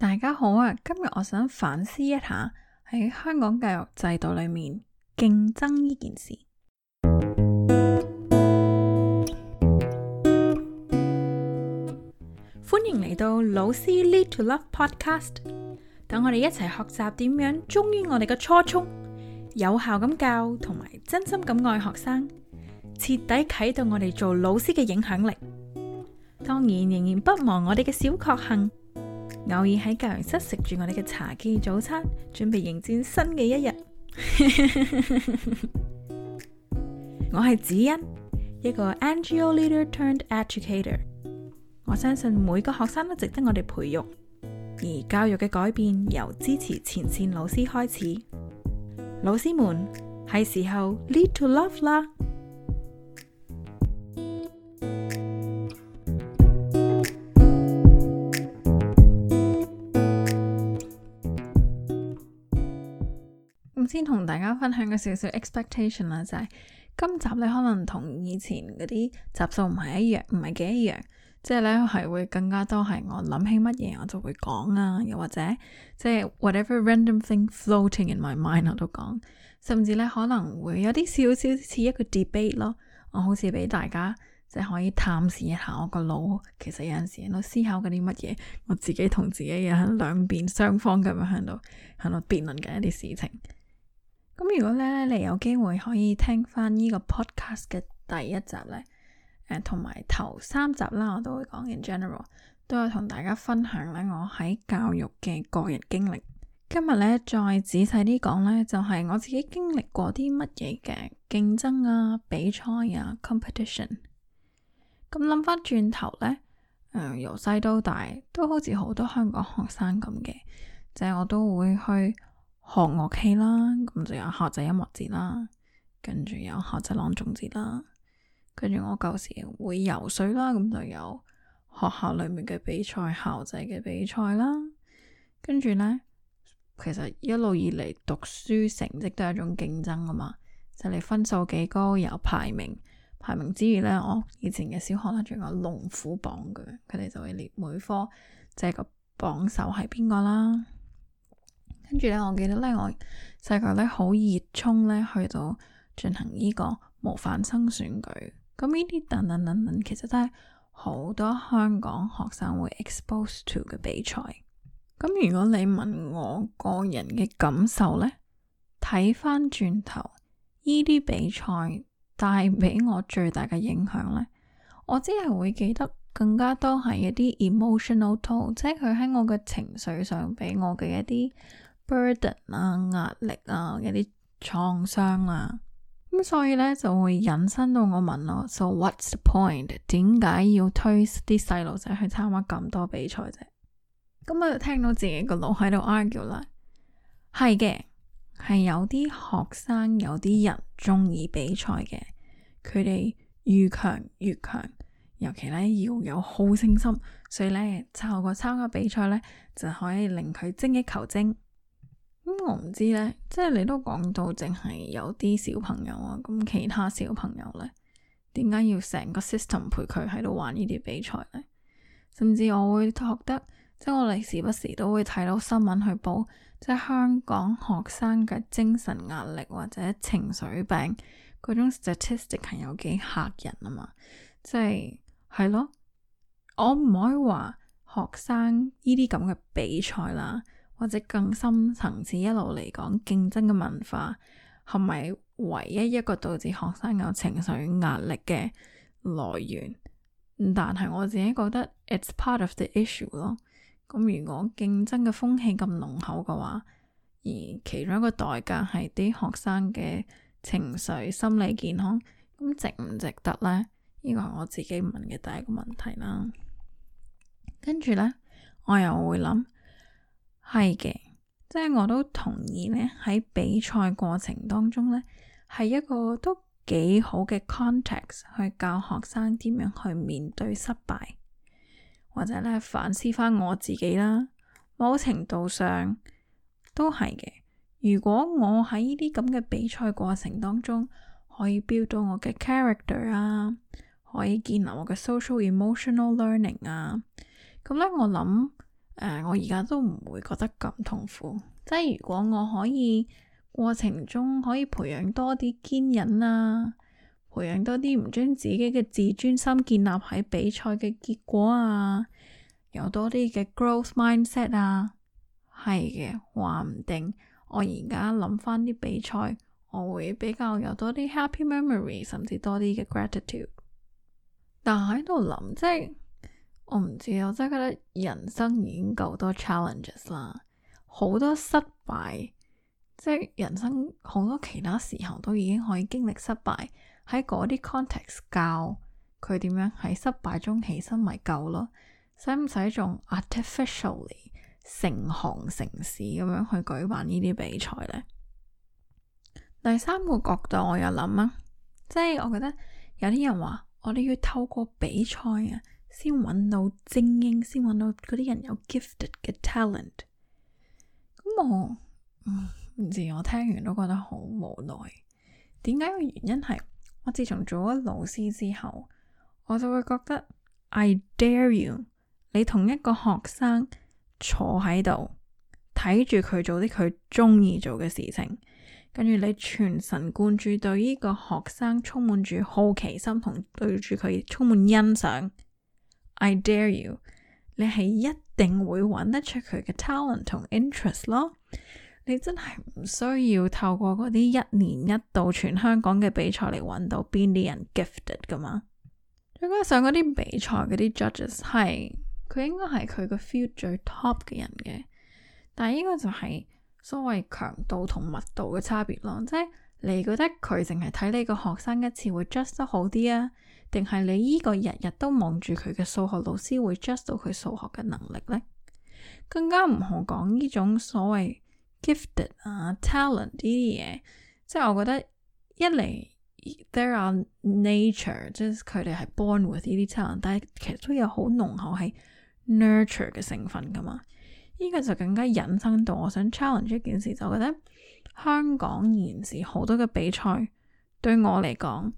大家好啊！今日我想反思一下喺香港教育制度裏面競爭呢件事。歡迎嚟到老師 Lead to Love Podcast，等我哋一齊學習點樣忠於我哋嘅初衷，有效咁教同埋真心咁愛學生，徹底啟動我哋做老師嘅影響力。當然，仍然不忘我哋嘅小確幸。偶爾喺教室食住我哋嘅茶記早餐，準備迎戰新嘅一日。 我係子欣，一個 an NGO leader turned educator。我相信每個學生都值得我哋培育，而教育嘅改變由支持前線老師開始。老師們，係時候 lead to love 啦。先同大家分享嘅少少 expectation 啦，就係今集咧，可能同以前嗰啲集數唔係一樣，唔係幾一樣，即係咧，係會更加多係我諗起乜嘢我就會講啊，又或者即係、就是、whatever random thing floating in my mind 我都講，甚至咧，可能會有啲少少似一個 debate 咯。我好似俾大家即係可以探視一下我個腦，其實有陣時我思考嘅啲乜嘢，我自己同自己又喺兩邊雙方咁樣喺度喺度辯論緊一啲事情。咁如果咧，你有機會可以聽翻呢個 podcast 嘅第一集呢，同埋頭三集啦，我都會講。In general，都有同大家分享咧，我喺教育嘅個人經歷。今日咧再仔細啲講呢，就係我自己經歷過啲乜嘢嘅競爭啊、比賽啊、competition。咁諗翻轉頭呢，由細到大都好似好多香港學生咁嘅，就係我都會去。學樂器啦，咁就有校際音樂節啦，跟住有校際朗誦節啦，跟住我舊時會游水啦，咁就有學校裏面嘅比賽，校際嘅比賽啦，跟住咧，其實一路以嚟讀書成績都係一種競爭㗎嘛，就是，你分數幾高有排名，排名之餘咧，我，哦、以前嘅小學咧仲有龍虎榜嘅，佢哋就會列每科即係個榜首係邊個啦。跟住咧，我記得咧，我細個咧好熱衷咧，去到進行呢個模範生選舉。咁呢啲等等等等，其實都係好多香港學生會 expose to 嘅比賽。咁如果你問我個人嘅感受呢，睇翻轉頭，呢啲比賽帶俾我最大嘅影響呢，我只係會記得更加多係一啲 emotional toll，即係佢喺我嘅情緒上俾我嘅一啲 burden 啊，壓力啊，一啲創傷啊，咁所以呢，就會引申到我問我，so what's the point？點解要推啲細路仔去參加咁多比賽啫？咁、嗯、我就聽到自己個腦喺度 argue 啦，係嘅，係有啲學生有啲人中意比賽嘅，佢哋越強越強，尤其呢，要有好勝心，所以呢，透過參加比賽呢，就可以令佢精益求精。咁、嗯、我唔知呢，即係你都講到淨係有啲小朋友啊，咁其他小朋友呢？點解要成個 system 陪佢喺度玩呢啲比賽呢？甚至我會覺得，即係我哋時不時都會睇到新聞去報，即係香港學生嘅精神壓力或者情緒病，嗰種 statistic 係有幾吓人啊嘛！即係係咯，我唔可以話學生呢啲咁嘅比賽啦。或者更深層次一路嚟講競爭嘅文化，係咪唯一一個導致學生有情緒壓力嘅來源？但係我自己覺得，it's part of the issue 咯。咁如果競爭嘅風氣咁濃厚嘅話，而其中一個代價係啲學生嘅情緒心理健康，咁值唔值得咧？呢個係我自己問嘅第一個問題啦。跟住咧，我又會諗。係嘅，即係我都同意呢，喺比賽過程當中呢係一個都幾好嘅 context 去教學生點樣去面對失敗，或者呢反思翻我自己啦。某程度上都係嘅。如果我喺呢啲咁嘅比賽過程當中，可以 build 到我嘅 character 啊，可以建立我嘅 social emotional learning 啊，咁呢，我諗。呃，我而家都唔會覺得咁痛苦。即係如果我可以過程中可以培養多啲堅忍啊，培養多啲唔將自己嘅自尊心建立喺比賽嘅結果啊，有多啲嘅 growth mindset 啊，係嘅，話唔定我而家諗翻啲比賽，我會比較有多啲 happy memory，甚至多啲嘅 gratitude。但喺度諗即係。我唔知啊，我真係覺得人生已經夠多 challenges 啦，好多失敗，即係人生好多其他時候都已經可以經歷失敗。喺嗰啲 context 教佢點樣喺失敗中起身，咪夠咯。使唔使仲 artificially 成行成市咁樣去舉辦呢啲比賽呢？第三個角度我又諗啊，即係我覺得有啲人話我哋要透過比賽啊。先揾到精英，先揾到嗰啲人有 gifted 嘅 talent。咁我唔、嗯、知，我聽完都覺得好無奈。點解個原因係我自從做咗老師之後，我就會覺得 I dare you，你同一個學生坐喺度睇住佢做啲佢中意做嘅事情，跟住你全神貫注，對呢個學生充滿住好奇心，同對住佢充滿欣賞。I dare you，你係一定會揾得出佢嘅 talent 同 interest 咯。你真係唔需要透過嗰啲一年一度全香港嘅比賽嚟揾到邊啲人 gifted 噶嘛？再加上嗰啲比賽嗰啲 judges 係，佢應該係佢個 field 最 top 嘅人嘅。但係呢個就係所謂強度同密度嘅差別咯，即係。你覺得佢淨係睇你個學生一次會 just 得好啲啊？定係你依個日日都望住佢嘅數學老師會 just 到佢數學嘅能力呢？更加唔好講呢種所謂 gifted 啊 talent 呢啲嘢，即係我覺得一嚟 there are nature 即係佢哋係 born with 呢啲 talent，但係其實都有好濃厚係 nurture 嘅成分噶嘛。呢個就更加引申到我想 challenge 一件事，就覺得。香港現時好多嘅比賽，對我嚟講，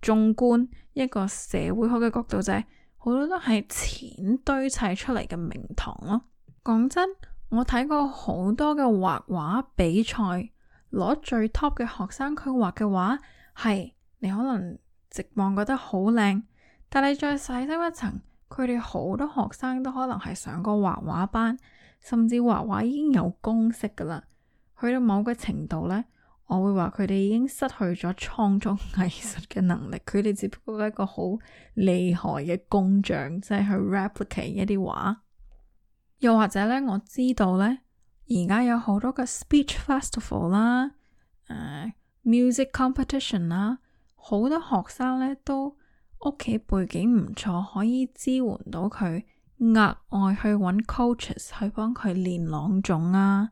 縱觀一個社會學嘅角度就係、是，好多都係錢堆砌出嚟嘅名堂咯。講真，我睇過好多嘅畫畫比賽，攞最 top 嘅學生佢畫嘅畫，係你可能直望覺得好靚，但係再細細一層，佢哋好多學生都可能係上過畫畫班，甚至畫畫已經有公式噶啦。去到某個程度呢，我會話佢哋已經失去咗創作藝術嘅能力，佢哋只不過係一個好厲害嘅工匠，即係去 replicate 一啲畫。又或者呢，我知道呢，而家有好多嘅 speech festival 啦、uh，music competition 啦，好多學生呢都屋企背景唔錯，可以支援到佢額外去揾 coaches 去幫佢練朗誦啊。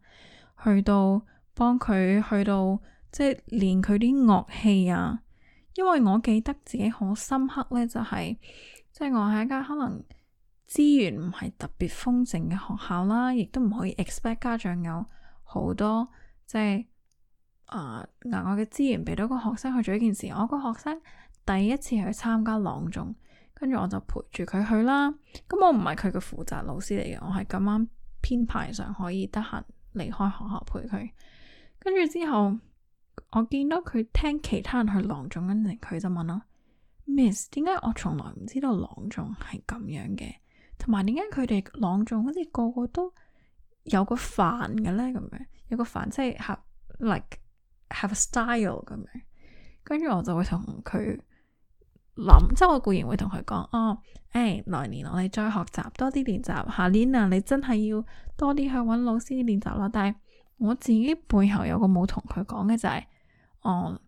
去到幫佢去到即係練佢啲樂器啊，因為我記得自己好深刻呢，就係，就係即係我喺一間可能資源唔係特別豐盛嘅學校啦，亦都唔可以 expect 家長有好多即係啊額外嘅資源俾到個學生去做一件事。我個學生第一次去參加朗誦，跟住我就陪住佢去啦。咁我唔係佢嘅負責老師嚟嘅，我係咁啱編排上可以得閒。離開學校陪佢，跟住之後我見到佢聽其他人去朗誦，跟住佢就問我：「Miss，點解我從來唔知道朗誦係咁樣嘅？同埋點解佢哋朗誦好似個個都有個範嘅咧？咁樣有個範，即係 have like have A style 咁樣。跟住我就會同佢。諗，即係我固然會同佢講，哦，誒、哎，來年我哋再學習，多啲練習，下年啊，你真係要多啲去揾老師練習咯。但係我自己背後有個冇同佢講嘅就係、是，哦,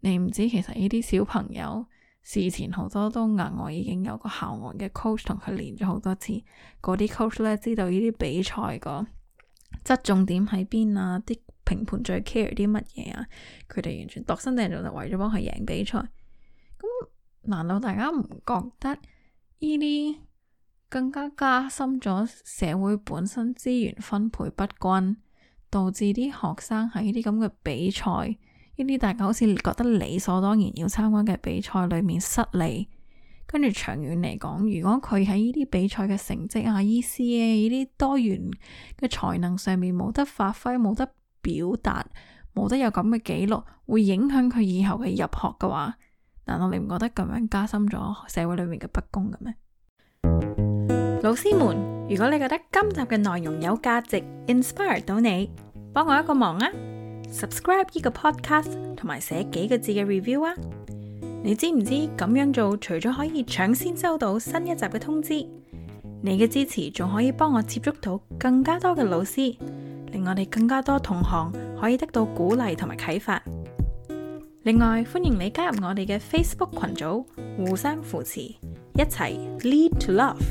你唔知其實呢啲小朋友事前好多都額外已經有個校外嘅 coach 同佢練咗好多次，嗰啲 coach 咧知道呢啲比賽個側重點喺邊啊，啲評判最 care 啲乜嘢啊，佢哋完全度身定做，就為咗幫佢贏比賽，嗯難道大家唔覺得呢啲更加加深咗社會本身資源分配不均，導致啲學生喺呢啲咁嘅比賽，呢啲大家好似覺得理所當然要參加嘅比賽裏面失利，跟住長遠嚟講，如果佢喺呢啲比賽嘅成績啊、ECA 呢啲多元嘅才能上面冇得發揮、冇得表達、冇得有咁嘅記錄，會影響佢以後嘅入學嘅話？嗱，難道你唔覺得咁樣加深咗社會裏面嘅不公嘅咩？老師們，如果你覺得今集嘅內容有價值、inspire 到你，幫我一個忙啊，subscribe 呢個 podcast 同埋寫幾個字嘅 review 啊！你知唔知咁樣做，除咗可以搶先收到新一集嘅通知，你嘅支持仲可以幫我接觸到更加多嘅老師，令我哋更加多同行可以得到鼓勵同埋啟發。另外，歡迎你加入我哋嘅 Facebook 群組，互相扶持，一齊 lead to love。